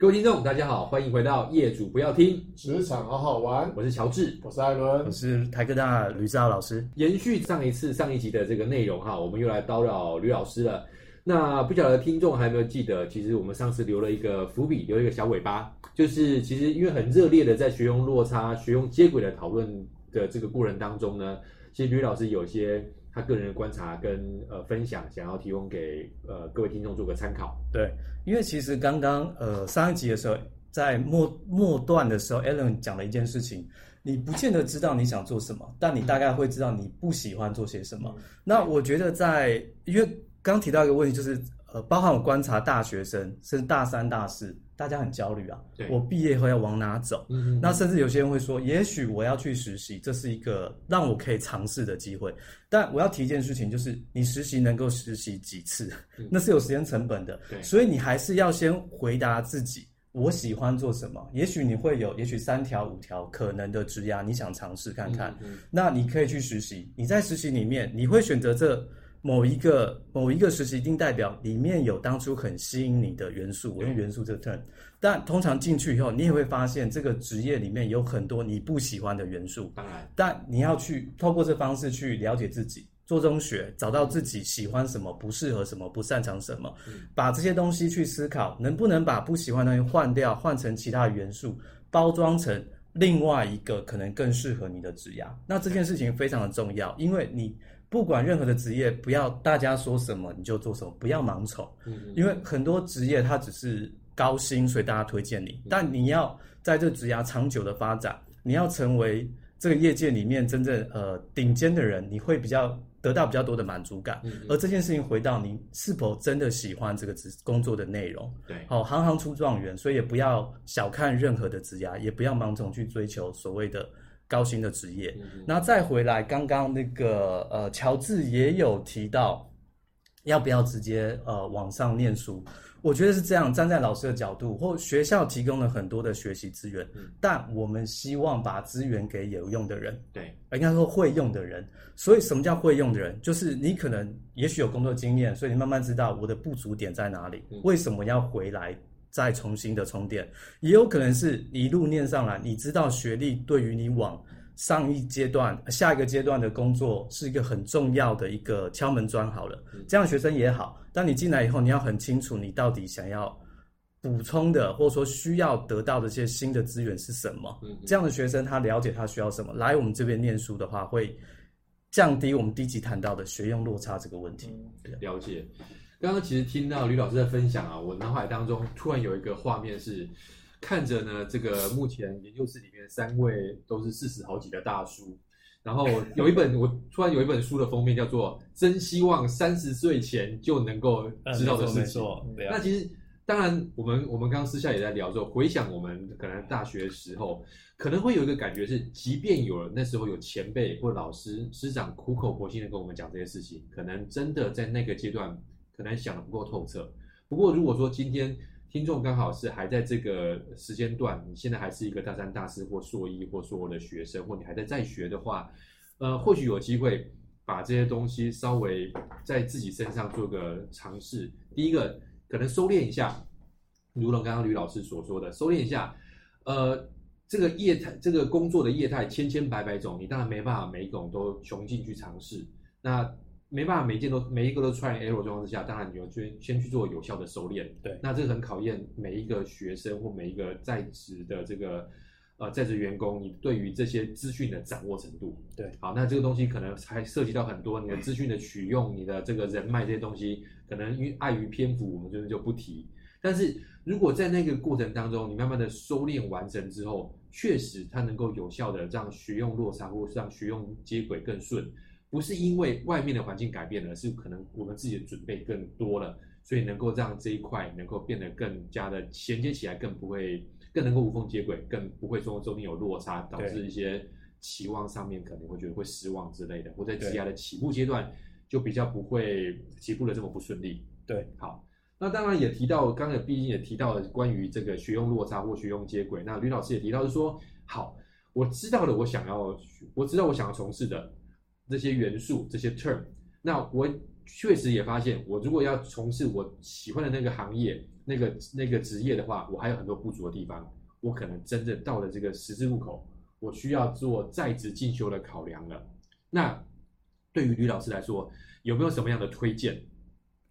各位聽眾，大家好，歡迎回到《業主不要聽職場好好玩》，我是喬治，我是艾倫，我是台科大呂志豪老師。嗯、延續上一次上一集的這個內容哈，我們又來叨擾呂老師了。那不曉得聽眾還有沒有記得，其實我們上次留了一個伏筆，留了一個小尾巴，就是其實因為很熱烈的在學用落差、學用接軌的討論的這個過程當中呢，其實呂老師有些。他個人的觀察跟呃分享，想要提供給呃各位聽眾做個參考。對，因為其實剛剛呃上一集的時候，在末末段的時候，Ellen 講了一件事情，你不見得知道你想做什麼，但你大概會知道你不喜歡做些什麼。嗯、那我覺得在，因為剛提到一個問題就是。呃，包含我觀察大學生，甚至大三、大四，大家很焦慮啊。對我畢業後要往哪走？嗯嗯，那甚至有些人會說，也許我要去實習，這是一個讓我可以嘗試的機會。但我要提一件事情，就是你實習能夠實習幾次，嗯、 那是有時間成本的。對所以你還是要先回答自己，我喜歡做什麼？也許你會有，也許三條、五條可能的職涯，你想嘗試看看。嗯嗯，那你可以去實習，你在實習裡面，你會選擇這。某一個某一個實習一定代表裡面有當初很吸引你的元素，我用、嗯、元素這個 term，但通常進去以後，你也會發現這個職業裡面有很多你不喜歡的元素。嗯、但你要去透過這方式去了解自己，做中學找到自己喜歡什麼、不適合什麼、不擅長什麼，嗯、把這些東西去思考，能不能把不喜歡的東西換掉，換成其他的元素，包裝成另外一個可能更適合你的職業。那這件事情非常的重要，因為你。不管任何的職業，不要大家說什麼你就做什麼，不要盲從。嗯，因為很多職業它只是高薪，所以大家推薦你。但你要在這職涯長久的發展，你要成為這個業界裡面真正呃頂尖的人，你會比較得到比較多的滿足感。而這件事情回到你是否真的喜歡這個職工作的內容？對，好，哦，行行出狀元，所以也不要小看任何的職業，也不要盲從去追求所謂的高薪的職業，嗯、哼那再回來，剛剛那個呃，喬治也有提到，要不要直接呃往上念書？我覺得是這樣，站在老師的角度，或學校提供了很多的學習資源，嗯、但我們希望把資源給有用的人，對，應該說會用的人。所以什麼叫會用的人？就是你可能也許有工作經驗，所以你慢慢知道我的不足點在哪裡，嗯、為什麼要回來？再重新的充電，也有可能是一路念上來。你知道學歷對於你往上一階段、下一個階段的工作是一個很重要的一個敲門磚。好了，這樣的學生也好。當你進來以後，你要很清楚你到底想要補充的，或者說需要得到的一些新的資源是什麼。嗯嗯這樣的學生他了解他需要什麼，來我們這邊念書的話，會降低我們第一集談到的學用落差這個問題。嗯，了解。剛剛其實聽到呂老師的分享啊，我腦海當中突然有一個畫面是，看着呢，這個目前研究室裡面三位都是四十好幾的大叔，然後有一本 我突然有一本書的封面叫做《真希望三十歲前就能夠知道的事情》，對啊，那其實當然我們我們剛剛私下也在聊說，回想我們可能大學時候可能會有一個感覺是，即便有那時候有前輩或老師師長苦口婆心的跟我們講這些事情，可能真的在那個階段。可能想得不夠透徹，不過如果說今天聽眾剛好是還在這個時間段，你現在還是一個大三、大四或碩一或碩二的學生，或你還在在學的話，呃，或許有機會把這些東西稍微在自己身上做個嘗試。第一個，可能收斂一下，如同剛剛呂老師所說的，收斂一下。呃，這個業態，這個工作的業態千千百百種，你當然沒辦法每一種都窮盡去嘗試。那沒辦法，每一件都每一個都出現 error 狀態之下，當然你要去先，先去做有效的收斂。對，那這個很考驗每一個學生或每一個在職的這個呃在職員工，你對於這些資訊的掌握程度。對，好，那這個東西可能還涉及到很多你的資訊的取用，嗯、你的這個人脈這些東西，可能因礙於篇幅，我們就是就不提。但是如果在那個過程當中，你慢慢的收斂完成之後，確實它能夠有效的讓學用落差，或是讓學用接軌更順。不是因為外面的環境改變了，是可能我們自己的準備更多了，所以能夠讓這一塊能夠變得更加的銜接起來，更不會更能夠無縫接軌，更不會說中間有落差，導致一些期望上面可能會覺得會失望之類的。我在職業的起步階段就比較不會起步的這麼不順利。對，好，那當然也提到剛才，畢竟也提到了關於這個學用落差或學用接軌。那呂老師也提到是說，好，我知道了，我想要我知道我想要從事的，這些元素，這些 term，那我確實也發現，我如果要從事我喜歡的那個行業、那個那個職業的話，我還有很多不足的地方，我可能真的到了這個十字路口，我需要做在職進修的考量了。那對於呂老師來說，有沒有什麼樣的推薦？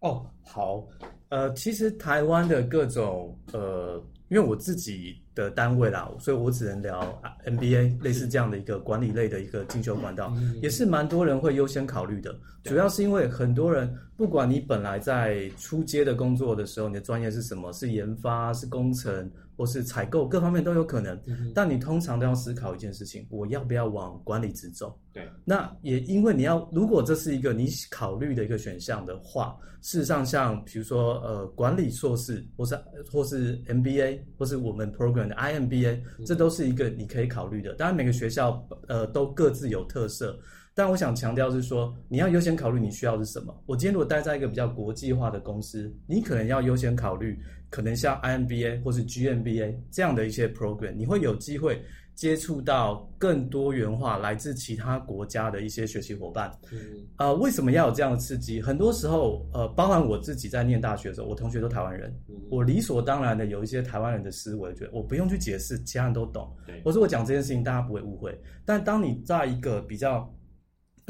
哦，oh, 好，呃，其實台灣的各種呃，因為我自己的單位啦，所以我只能聊 MBA 是類似這樣的一個管理類的一個進修管道，嗯嗯嗯也是蠻多人會優先考慮的。對主要是因為很多人，不管你本來在初階的工作的時候，你的專業是什麼，是研發，是工程。或是採購各方面都有可能，嗯、哼但你通常都要思考一件事情：我要不要往管理職走？對，那也因為你要，如果這是一個你考慮的一個選項的話，事實上，像比如說，呃，管理碩士，或是或是 MBA，或是我們 program 的 IMBA，嗯、哼這都是一個你可以考慮的。當然，每個學校呃都各自有特色。但我想強調是說，你要優先考慮你需要的是什麼。我今天如果待在一個比較國際化的公司，你可能要優先考慮，可能像 IMBA 或是 GMBA 這樣的一些 program，你會有機會接觸到更多元化、來自其他國家的一些學習夥伴。啊、嗯呃，為什麼要有這樣的刺激？很多時候，呃，包含我自己在念大學的時候，我同學都台灣人，嗯、我理所當然的有一些台灣人的思維，我不用去解釋，其他人都懂。對我說我講這件事情，大家不會誤會。但當你在一個比較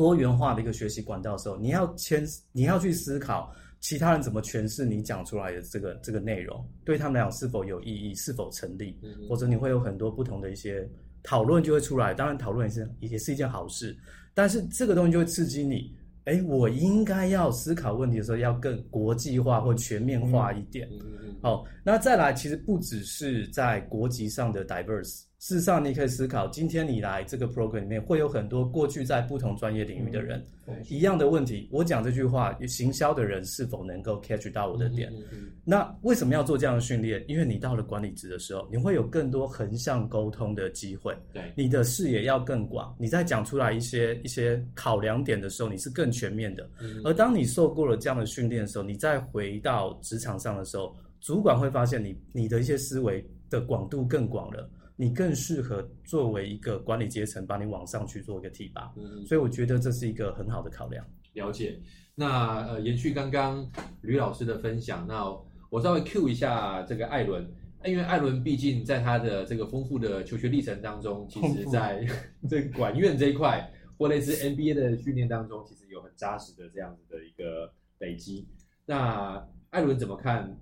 多元化的一個學習管道的時候，你要牽，你要去思考其他人怎麼詮釋你講出來的這個這個內容，對他們倆是否有意義，是否成立，或者、嗯嗯、你會有很多不同的一些討論就會出來。當然，討論也是也是一件好事，但是這個東西就會刺激你，誒，我應該要思考問題的時候要更國際化或全面化一點。嗯嗯嗯嗯好，那再來，其實不只是在國籍上的 diverse。事實上，你可以思考，今天你來這個 program 裡面，會有很多過去在不同專業領域的人，嗯嗯、一樣的問題。我講這句話，行銷的人是否能夠 catch 到我的點？嗯嗯嗯嗯、那為什麼要做這樣的訓練？因為你到了管理職的時候，你會有更多橫向溝通的機會，對你的視野要更廣。你在講出來一些一些考量點的時候，你是更全面的。嗯嗯、而當你受過了這樣的訓練的時候，你再回到職場上的時候，主管會發現你你的一些思維的廣度更廣了。你更適合作為一個管理階層，把你往上去做一個提拔，嗯、所以我覺得這是一個很好的考量。了解。那呃，延續剛剛呂老師的分享，那我稍微 Q 一下這個艾倫，因為艾倫畢竟在他的這個豐富的求學歷程當中，其實在這管怖 院這一塊或類似 MBA 的訓練當中，其實有很扎實的這樣子的一個累積。那艾倫怎麼看？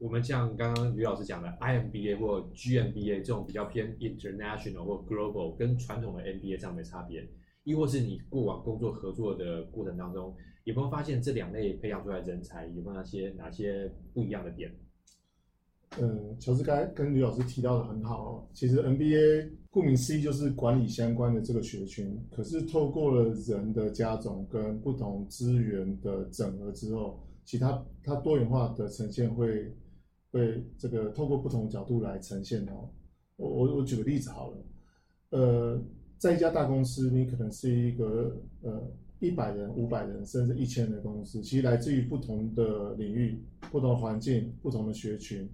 我們像剛剛呂老師講的，IMBA 或 GMBA 這種比較偏 international 或 global，跟傳統的 MBA 這樣的差別，亦或是你過往工作合作的過程當中，有沒有發現這兩類培養出來人才有沒有哪些哪些不一樣的點？嗯，喬治剛才跟呂老師提到的很好，其實 MBA 顧名思義就是管理相關的這個學群，可是透過了人的加總跟不同資源的整合之後，其他它多元化的呈現會。會這個透過不同角度來呈現哦。我我我舉個例子好了，呃，在一家大公司，你可能是一個呃一百人、五百人，甚至一千人的公司，其實來自於不同的領域、不同的環境、不同的學群，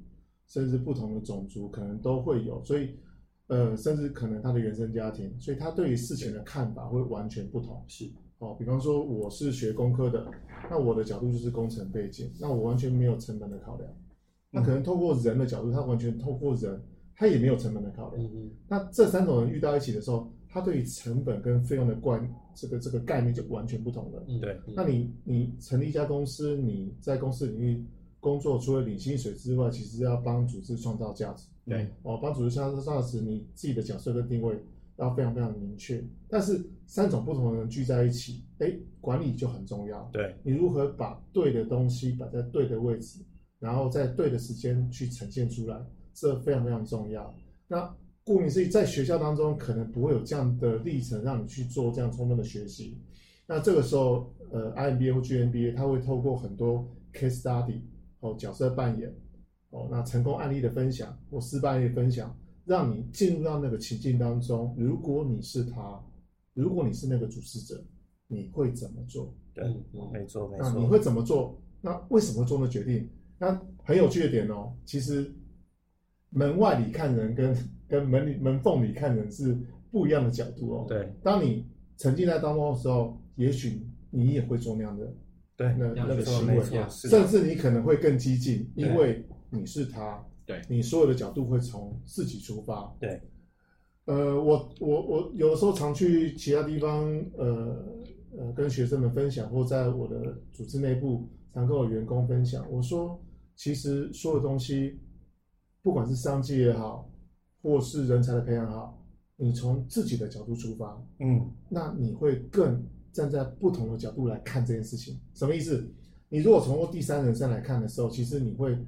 甚至不同的種族，可能都會有。所以，呃，甚至可能他的原生家庭，所以他對於事情的看法會完全不同。是，哦，比方說我是學工科的，那我的角度就是工程背景，那我完全沒有成本的考量。他、嗯、可能透過人的角度，他完全透過人，他也沒有成本的考量。嗯嗯、那這三種人遇到一起的時候，他對於成本跟費用的關，這個這個概念就完全不同了。對、嗯，嗯、那你你成立一家公司，你在公司領域工作，除了領薪水之外，其實要幫組織創造價值。對、嗯，哦、喔，幫組織創造價值，你自己的角色跟定位要非常非常明確。但是三種不同的人聚在一起，哎、欸，管理就很重要。對，你如何把對的東西擺在對的位置？然後在對的時間去呈現出來，這非常非常重要。那顧名思義，在學校當中可能不會有這樣的歷程讓你去做這樣充分的學習。那這個時候，呃，iMBA 或 GMBA，它會透過很多 case study，哦、角色扮演，哦、那成功案例的分享或失敗案例的分享，讓你進入到那個情境當中。如果你是他，如果你是那個主持者，你會怎麼做？對，嗯嗯、沒錯沒錯。那你會怎麼做？那為什麼做的決定？那很有趣的點哦，其實門外裡看人跟跟門裡門縫裡看人是不一樣的角度哦。對，當你沉浸在當中的時候，也許你也會做那樣的對那那個行為，甚至你可能會更激進，的因為你是他。對，你所有的角度會從自己出發。對，呃，我我我有的時候常去其他地方，呃呃，跟學生們分享，或在我的組織內部，常跟我員工分享，我說。.其實說的東西，不管是商機也好，或是人才的培養也好，你從自己的角度出發，嗯，那你會更站在不同的角度來看這件事情。什麼意思？你如果從我第三人稱來看的時候，其實你會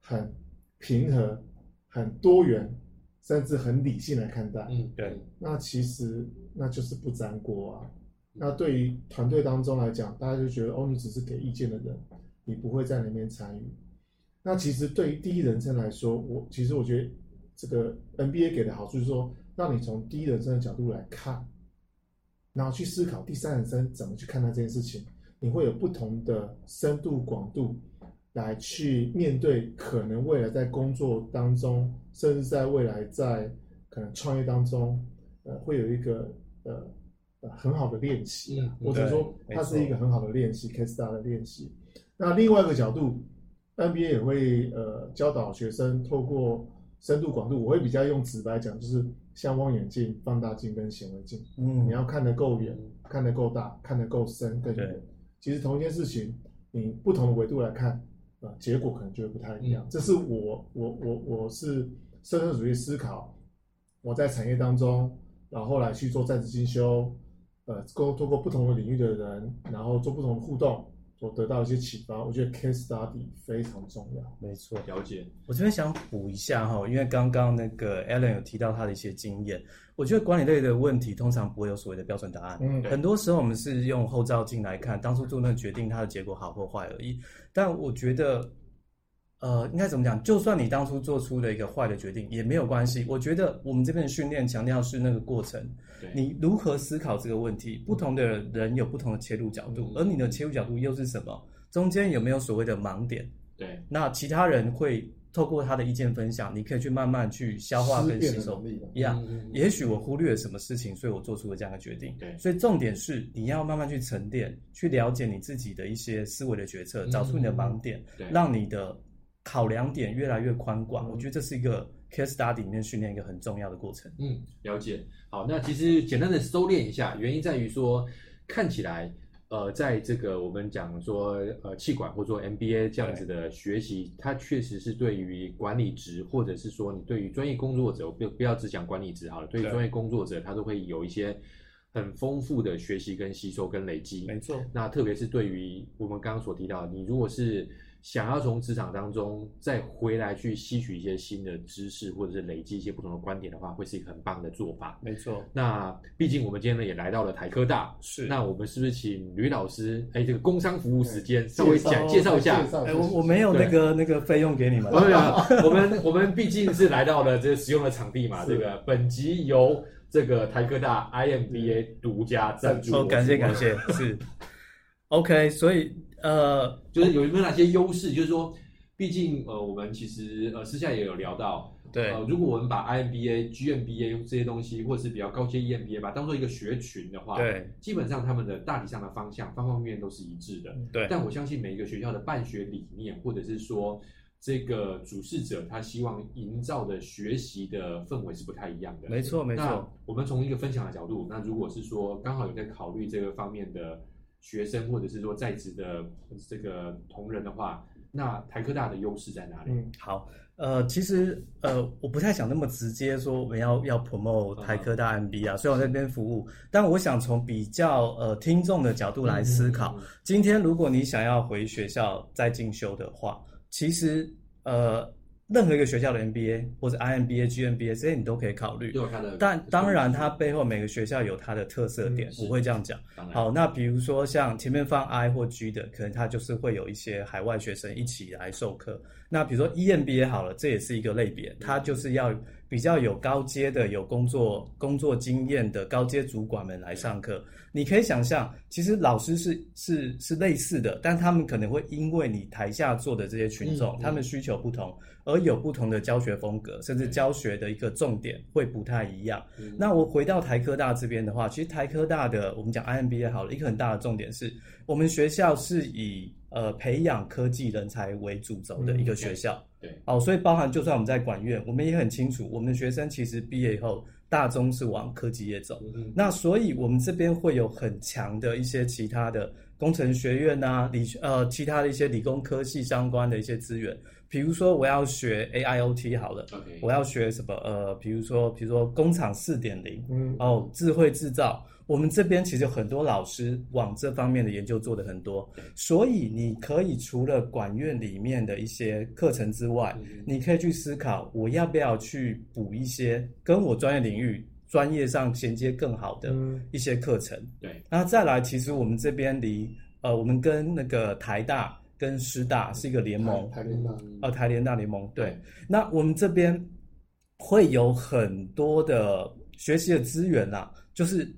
很平和、很多元，甚至很理性來看待。嗯，對。那其實那就是不沾鍋啊。那對於團隊當中來講，大家就覺得哦，你只是給意見的人，你不會在裡面參與。那其實對於第一人稱來說，我其實我覺得這個 NBA 給的好處是說，讓你從第一人稱的角度來看，然後去思考第三人稱怎麼去看待這件事情，你會有不同的深度廣度來去面對可能未來在工作當中，甚至在未來在可能創業當中，呃，會有一個呃,呃很好的練習。或者 Yeah, 說，對它是一個很好的練習，case study 的練習。那另外一個角度。iMBA 也會呃教導學生透過深度廣度，我會比較用直白講，就是像望遠鏡、放大鏡跟顯微鏡，嗯，你要看得夠遠、嗯、看得夠大、看得夠深，對，嗯、其實同一件事情，你不同的維度來看，呃，結果可能就會不太一樣。嗯、這是我我我我是深刻主義思考，我在產業當中，然後來去做在職進修，呃，溝通過不同的領域的人，然後做不同的互動。我得到一些啟發，我覺得 case study 非常重要。沒錯，了解。我這邊想補一下哈，因為剛剛那個 Alan 有提到他的一些經驗，我覺得管理類的問題通常不會有所謂的標準答案。嗯，很多時候我們是用後照鏡來看，當初做那個決定，它的結果好或壞而已。但我覺得。呃，應該怎麼講？就算你當初做出了一個壞的決定，也沒有關係。我覺得我們這邊的訓練強調是那個過程，對你如何思考這個問題？不同的人有不同的切入角度，嗯、而你的切入角度又是什麼？中間有沒有所謂的盲點？對，那其他人會透過他的意見分享，你可以去慢慢去消化跟吸收。一樣，也許我忽略了什麼事情，所以我做出了這樣的決定。對，所以重點是你要慢慢去沉澱，去了解你自己的一些思維的決策，找出你的盲點，嗯嗯嗯對，讓你的。考量點越來越寬廣，我覺得這是一個 case study 裡面訓練一個很重要的過程。嗯，了解。好，那其實簡單的收斂一下，原因在於說，嗯、看起來，呃，在這個我們講說，呃，企管或說 MBA 這樣子的學習，對它確實是對於管理職，或者是說你對於專業工作者，不不要只講管理職好了，對於專業工作者，他都會有一些很豐富的學習跟吸收跟累積。沒錯錯。那特別是對於我們剛剛所提到的，你如果是。想要從職場當中再回來去吸取一些新的知識，或者是累積一些不同的觀點的話，會是一個很棒的做法。沒錯錯。那畢竟我們今天呢也來到了台科大，是。那我們是不是請呂老師？哎、欸，這個工商服務時間稍微講介紹一下。哎、欸，我我沒有那個對那個費用給你們、啊 我沒有。我們我們畢竟是來到了這個使用的場地嘛， 是這個本集由這個台科大 IMBA 獨家贊助對。哦，感謝感謝。 是。OK，所以。呃，就是有沒有哪些優勢？嗯，就是說，畢竟呃，我們其實呃私下也有聊到，對，呃，如果我們把 IMBA、GMBA 這些東西，或者是比較高階 EMBA，把當做一個學群的話，對，基本上他們的大體上的方向、方方面面都是一致的，對。但我相信每一個學校的辦學理念，或者是說這個主事者他希望營造的學習的氛圍是不太一樣的，沒錯沒錯。那我們從一個分享的角度，那如果是說剛好有在考慮這個方面的學生或者是說在職的這個同仁的話，那台科大的優勢在哪裡？嗯、好，呃，其實呃，我不太想那麼直接說我們要要 promote 台科大 MBA，嗯、所以我在這邊服務。但我想從比較呃聽眾的角度來思考，嗯嗯嗯今天如果你想要回學校再進修的話，其實呃。任何一個學校的 MBA 或者 IMBA、GMBA 這些你都可以考慮，但當然它背後每個學校有它的特色點，是我會這樣講。好，那比如說像前面放 I 或 G 的，可能它就是會有一些海外學生一起來授課。那比如說 EMBA 好了，這也是一個類別，它就是要比較有高階的、有工作工作經驗的高階主管們來上課。你可以想象，其實老師是是是類似的，但他們可能會因為你台下坐的這些群眾，嗯嗯、他們需求不同，而有不同的教學風格，甚至教學的一個重點會不太一樣。嗯、那我回到台科大這邊的話，其實台科大的我們講 IMBA 也好了，一個很大的重點是我們學校是以呃培養科技人才為主軸的一個學校。嗯、對，對哦，所以包含就算我們在管院，我們也很清楚，我們的學生其實畢業以後，大宗是往科技業走。嗯、那所以我們這邊會有很強的一些其他的工程學院啊、理學呃其他的一些理工科系相關的一些資源。比如說我要學 AIoT 好了，Okay. 我要學什麼？呃，比如說，比如說工廠四點零，嗯，哦，智慧制造，我們這邊其實有很多老師往這方面的研究做得很多，所以你可以除了管院裡面的一些課程之外，嗯、你可以去思考我要不要去補一些跟我專業領域專業上銜接更好的一些課程、嗯。對，那再來，其實我們這邊離呃，我們跟那個台大。跟師大是一個聯盟，台，台聯大聯盟，哦、嗯啊，台聯大聯盟，對。嗯、那我們這邊會有很多的學習的資源啊，就是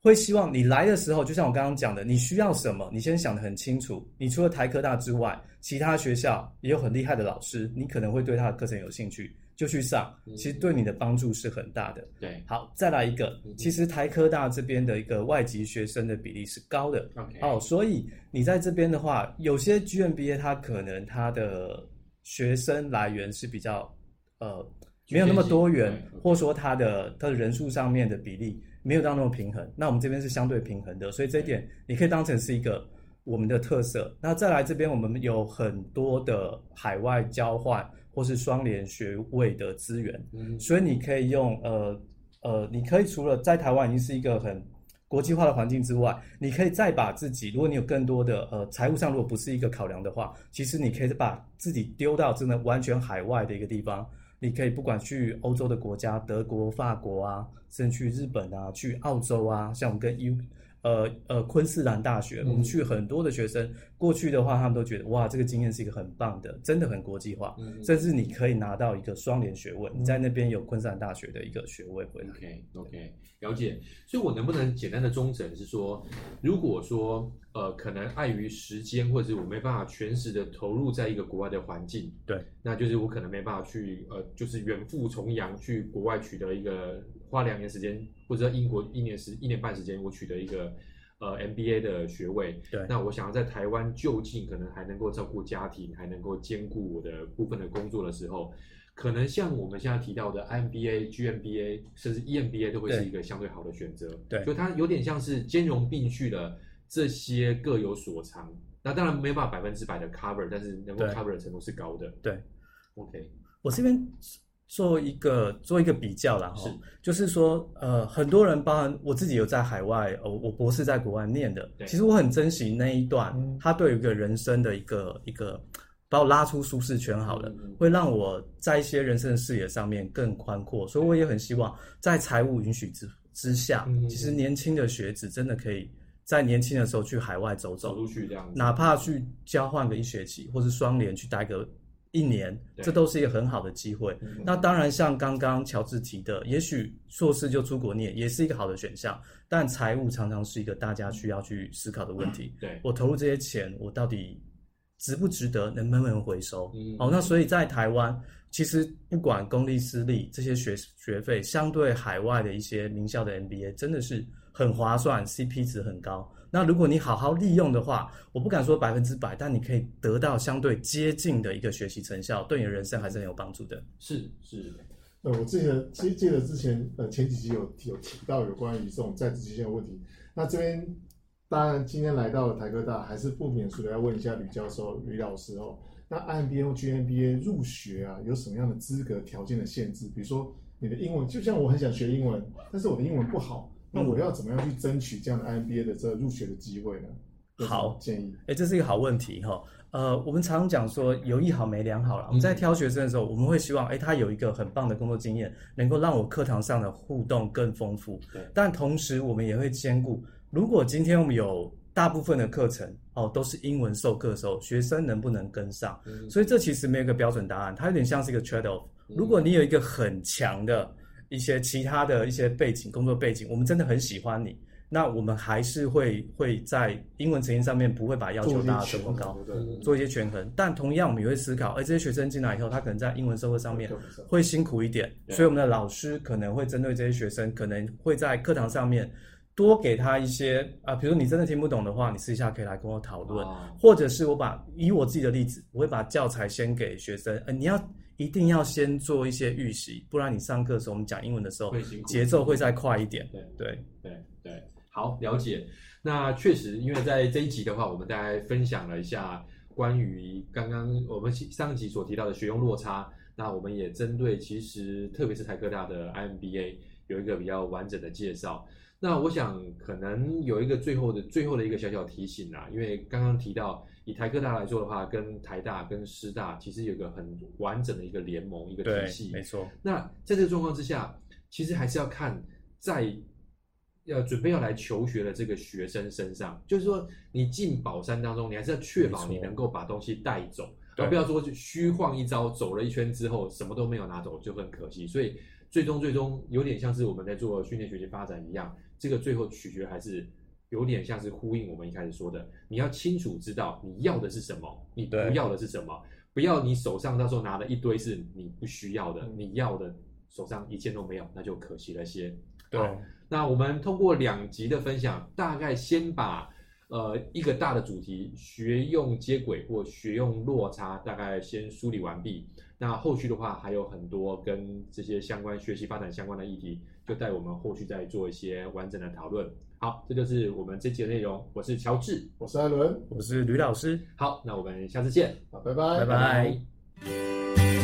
會希望你來的時候，就像我剛剛講的，你需要什麼，你先想的很清楚。你除了台科大之外，其他學校也有很厲害的老師，你可能會對他的課程有興趣。就去上，其實對你的幫助是很大的。對，好，再來一個，其實台科大這邊的一個外籍學生的比例是高的。Okay. 哦，所以你在這邊的話，有些 GMBA 它可能它的學生來源是比較呃沒有那麼多元，或者說它的它的人數上面的比例沒有到那麼平衡。那我們這邊是相對平衡的，所以這一點你可以當成是一個我們的特色。那再來這邊，我們有很多的海外交換。或是雙聯學位的資源，所以你可以用呃呃，你可以除了在台灣已經是一個很國際化的環境之外，你可以再把自己，如果你有更多的呃財務上如果不是一個考量的話，其實你可以把自己丟到真的完全海外的一個地方，你可以不管去歐洲的國家，德國、法國啊，甚至去日本啊，去澳洲啊，像我們跟呃呃，昆士蘭大學，我們去很多的學生，嗯、過去的話，他們都覺得哇，這個經驗是一個很棒的，真的很國際化，嗯、甚至你可以拿到一個雙聯學位，嗯、你在那邊有昆士蘭大學的一個學位回來。嗯、OK OK，對了解。所以我能不能簡單的綜整是說，如果說呃，可能礙於時間，或者是我沒辦法全時的投入在一個國外的環境，對，那就是我可能沒辦法去呃，就是遠赴重洋去國外取得一個。花兩年時間，或者英國一年時一年半時間，我取得一個呃 MBA 的學位。對。那我想要在台灣就近，可能還能夠照顧家庭，還能夠兼顧我的部分的工作的時候，可能像我們現在提到的 MBA、GMBA 甚至 EMBA 都會是一個相對好的選擇。對。就它有點像是兼容並蓄的，這些各有所長。那當然沒辦法百分之百的 cover，但是能夠 cover 的程度是高的。對。對 OK，我這邊。做一個做一個比較啦齁，是就是說，呃，很多人，包含我自己，有在海外，呃，我博士在國外念的。對其實我很珍惜那一段，它對於一個人生的一個、嗯、一個，把我拉出舒適圈，好了，嗯嗯嗯會讓我在一些人生的視野上面更寬闊，對所以我也很希望，在財務允許之之下，其實年輕的學子真的可以在年輕的時候去海外走走，走哪怕去交換個一學期，或是雙聯去待個。一年，這都是一個很好的機會。對那當然，像剛剛喬治提的，也許碩士就出國念，也是一個好的選項。但財務常常是一個大家需要去思考的問題。啊、對，我投入這些錢，我到底值不值得，能不能回收？好嗯嗯嗯、哦，那所以在台灣，其實不管公立私立，這些學學費相對海外的一些名校的 MBA，真的是很划算，CP 值很高。那如果你好好利用的話，我不敢說百分之百，但你可以得到相對接近的一個學習成效，對你的人生還是很有幫助的。是是，那、呃、我之前記得記得之前呃前幾集有有提到有關於這種在職期間的問題。那這邊當然今天來到了台科大，還是不免俗要問一下呂教授、呂老師哦。那 iMBA 或 GMBA 入學啊，有什麼樣的資格條件的限制？比如說你的英文，就像我很想學英文，但是我的英文不好。那我要怎麼樣去爭取這樣的 MBA 的這個入學的機會呢？好建議，哎、欸，這是一個好問題哈、哦。呃，我們常常講說有一好沒兩好啦。我們、嗯、在挑學生的時候，我們會希望，哎、欸，他有一個很棒的工作經驗，能夠讓我課堂上的互動更豐富。對但同時，我們也會兼顧，如果今天我們有大部分的課程哦都是英文授課的時候，學生能不能跟上？嗯、所以這其實沒有一個標準答案，它有點像是一個 trade off。如果你有一個很強的。嗯一些其他的一些背景、工作背景，我們真的很喜歡你。那我們還是會會在英文成績上面不會把要求打得這麼高，嗯、做一些權衡。但同樣，我們也會思考，而這些學生進來以後，他可能在英文社會上面會辛苦一點，所以我們的老師可能會針對這些學生，可能會在課堂上面多給他一些啊，呃、比如說你真的聽不懂的話，你私下可以來跟我討論，啊、或者是我把以我自己的例子，我會把教材先給學生。哎、呃，你要。一定要先做一些預習，不然你上課的時候，我們講英文的時候，會節奏會再快一點。對對對對，好，了解。那確實，因為在這一集的話，我們大概分享了一下關於剛剛我們上一集所提到的學用落差，那我們也針對其實特別是台科大的 IMBA 有一個比較完整的介紹。那我想可能有一個最後的最後的一個小小提醒啦，因為剛剛提到以台科大來說的話，跟台大跟師大其實有一個很完整的一個聯盟一個體系，沒錯。那在這個狀況之下，其實還是要看在要準備要來求學的這個學生身上，就是說你進寶山當中，你還是要確保沒錯你能夠把東西帶走，而對不要說虛晃一招，走了一圈之後什麼都沒有拿走，就很可惜。所以最終最終有點像是我們在做訓練學習發展一樣。這個最後取決還是有點像是呼應我們一開始說的，你要清楚知道你要的是什麼，你不要的是什麼，對不要你手上到時候拿了一堆是你不需要的，嗯、你要的手上一件都沒有，那就可惜了些。對好，那我們通過兩集的分享，大概先把呃一個大的主題學用接軌或學用落差，大概先梳理完畢。那後續的話還有很多跟這些相關學習發展相關的議題。就帶我們後續再做一些完整的討論。好，這就是我們這期的內容。我是喬治，我是艾倫，我是呂老師。好，那我們下次見。好，拜拜，拜拜。拜拜。